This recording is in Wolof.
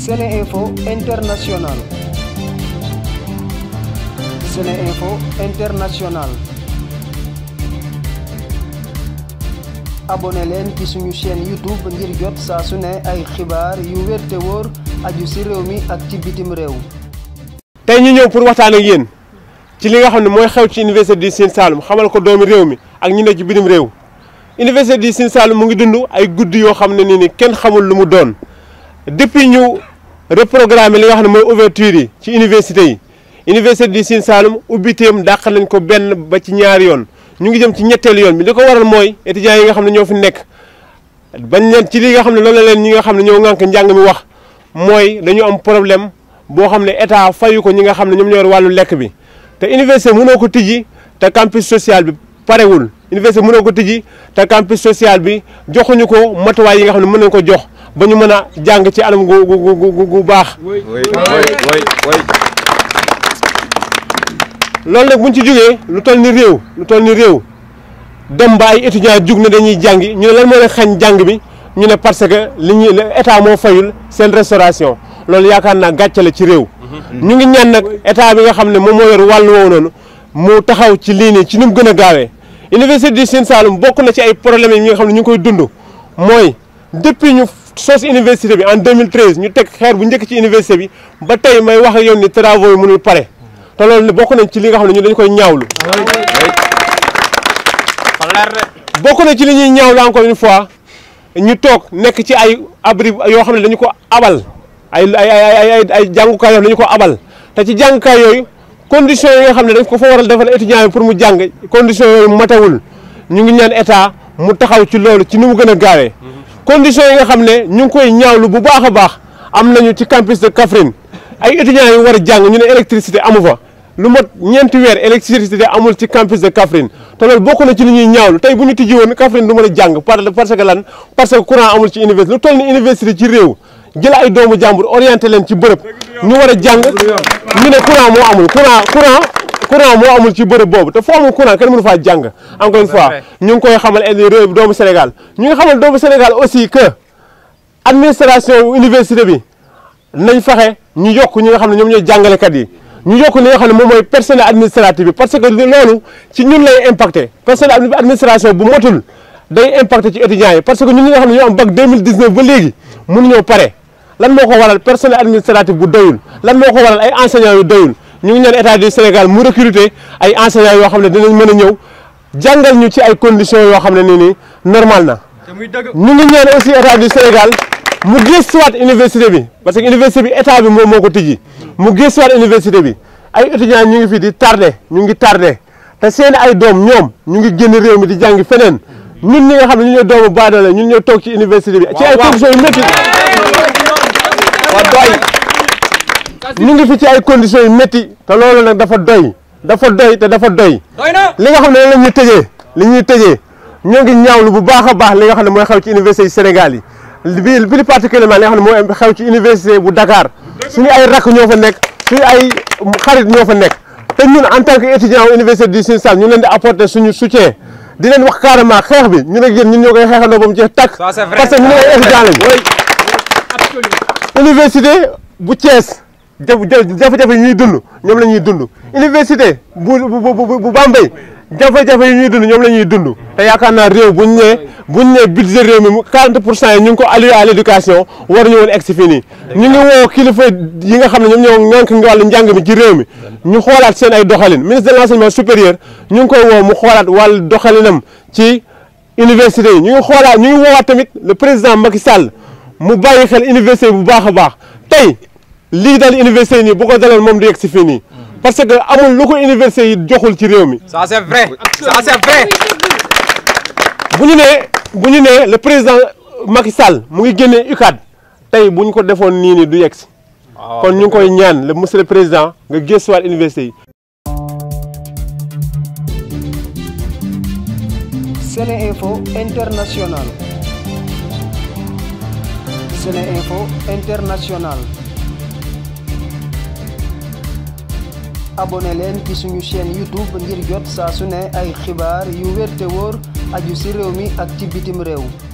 Sene International Sene Info leen ci suñu chaîne YouTube ngir su ne ay xibaar yu te wóor aju ci réew mi ak ci bitim réew tey ñu ñëw pour waxtaan ak yéen ci li nga xam ne mooy xew ci université du Sine Saloum ko doomi réew mi ak ñu ne ci bitim réew université du Sine mu ngi dund ay guddi yoo xam ne nii ni kenn xamul lu mu doon depuis ñu reprogramme li nga xam ne mooy ouverture yi ci université yi université du Sine Saloum ubbiteem dàq nañ ko benn ba ci ñaari yoon ñu ngi jëm ci ñetteel yoon bi li ko waral mooy étudiants yi nga xam ne ñoo fi nekk bañ leen ci li nga xam ne loolu la leen ñi nga xam ne ñoo ŋànk njàng mi wax mooy dañu am problème boo xam ne état fayu ko ñi nga xam ne ñoom ñoo yor wàllu lekk bi te université mënoo ko tijji te campus social bi parewul université mënoo ko tijji te campus social bi joxuñu ko matuwaay yi nga xam ne mën nañ ko jox ba ñu mën a jàng ci anam gu gu gu baax. loolu nag bu ñu ci jógee lu toll ni réew lu toll ni réew dem ba ay étudiants jug na dañuy jàngi ñu ne lan moo leen xañ jàng bi ñu ne parce que li ñuy état moo fayul seen restauration loolu yaakaar naa gàcce la ci réew. Mm-hmm. ñu ngi ñaan nag état bi nga xam ne moom moo yor wàllu woowu noonu mu taxaw ci lii nii ci ni mu gën a gaawee. université du Sine Saloum bokk na ci ay problèmes yi nga xam ne ñu ngi koy dund mooy depuis ñu sos université bi en 2013 ñu teg xeer bu njëkk ci université bi ba tey may wax ak yow ni travaux mu mënul pare te bokk nañ ci li nga xam ne ñu dañu koy ñaawlu. bokk na ci li ñuy ñaawlu encore une fois ñu toog nekk ci ay abri yoo xam ne dañu ko abal ay ay ay ay ay yoo xam ko abal te ci jàngukaay yooyu conditions yi nga xam ne dañ ko fa waral defal étudiant yi pour mu jàng conditions yooyu matewul ñu ngi ñaan état mu taxaw ci loolu ci ni mu gën a gaawee. condition yi nga xam ne ñu ngi koy ñaawlu bu baax a baax am nañu ci campus de Kaffrine ay étudiants yu war jàng ñu ne électricité amu fa lu mat ñeenti weer électricité amul ci campus de Kaffrine te loolu bokk na ci li ñuy ñaawlu tey bu ñu tijji woon Kaffrine du mën a jàng parce que lan parce que courant amul ci université lu toll ni université ci réew jël ay doomu jàmbur orienté leen ci bërëb ñu war a jàng ñu ne courant moo amul courant courant courant moo amul ci bërëb boobu te foo amul courant kenn mënu faa jàng encore une fois ñu ngi koy xamal indi réew doomu Sénégal ñu ngi xamal doomu Sénégal aussi que administration université bi nañ fexe ñu yokk ñi nga xam ne ñoom ñooy jàngalekat yi ñu yokk li nga xam ne moom mooy personnel administratif bi parce que loolu ci ñun lay impacté personnel administration bu motul day impacté ci étudiants yi parce que ñu ñi nga xam ne ñoo am bac ba léegi mënuñoo pare lan ko waral personnel bu doyul lan moo ko waral ay enseignants yu ñu ngi ñaan état du Sénégal mu recruter ay enseignants yoo xam ne dinañ mën a ñëw jàngal ñu ci ay conditions yoo xam ne nii nii normal na. ñu ngi ñaan aussi état du Sénégal mu gëstuwaat université bi parce que université bi état bi moom moo ko tijji mu gëstuwaat université bi ay étudiants ñu ngi fii di tardé ñu ngi tardé te seen ay doom ñoom ñu ngi génn réew mi di jàngi feneen ñun ñi nga xam ne ñu ñoo doomu baadoole ñun ñoo toog ci université bi. ci ay conditions yu ñu ngi fi ci ay conditions yu métti te loolu nag dafa doy dafa doy te dafa doy li nga xam ne lan ñu ñuy tëjee li ñuy tëjee ñoo ngi ñaawlu bu baax a baax li nga xam ne mooy xew ci université yi Sénégal yi bi plus particulièrement li nga xam ne mooy xew ci université bu Dakar suñu ay rakk ñoo fa nekk suñu ay xarit ñoo fa nekk te ñun en tant que étudiant wu université du Sine Saloum ñu leen di apporter suñu soutien di leen wax carrément xeex bi ñun ne yéen ñun ñoo koy xeexandoo ba mu jeex tàkk parce que ñu ne ay étudiant bu Thiès jafe-jafe yi ñuy dund ñoom la ñuy dund université bu bu bu Bambey jafe-jafe yi ñuy dund ñoom la ñuy dund te yaakaar naa réew buñ ne buñ ne budget réew mi pour cent yi ñu ngi ko alloué à l' éducation war ñu woon a si yi nga xam ne ñoom ñoo ŋànk ngi wàllu njàng mi ci réew mi ñu xoolaat seen ay doxalin ministre de l' supérieur ñu ngi koy woo mu xoolaat wàllu doxalinam ci université yi ñu ngi xoolaat ñu ngi woowaat tamit le président Macky Sall mu bàyyi xel université bu baax a baax tey lii daal université yi nii bu ko daloon moom du yegg si fii nii mm. parce que amul lu ko université yi joxul ci réew mi. bu ñu nee bu ñu nee le président Macky Sall mu ngi génnee UCAD tey bu ñu ko defoon nii nii du yegg si. Ah, kon ñu ngi koy ñaan le monsieur le président nga gëstuwaat université yi. SeneInfo abonné leen ci suñu chaîne YouTube ngir jot saa su ne ay xibaar yu wér wóor aju ci réew mi ak ci bitim réew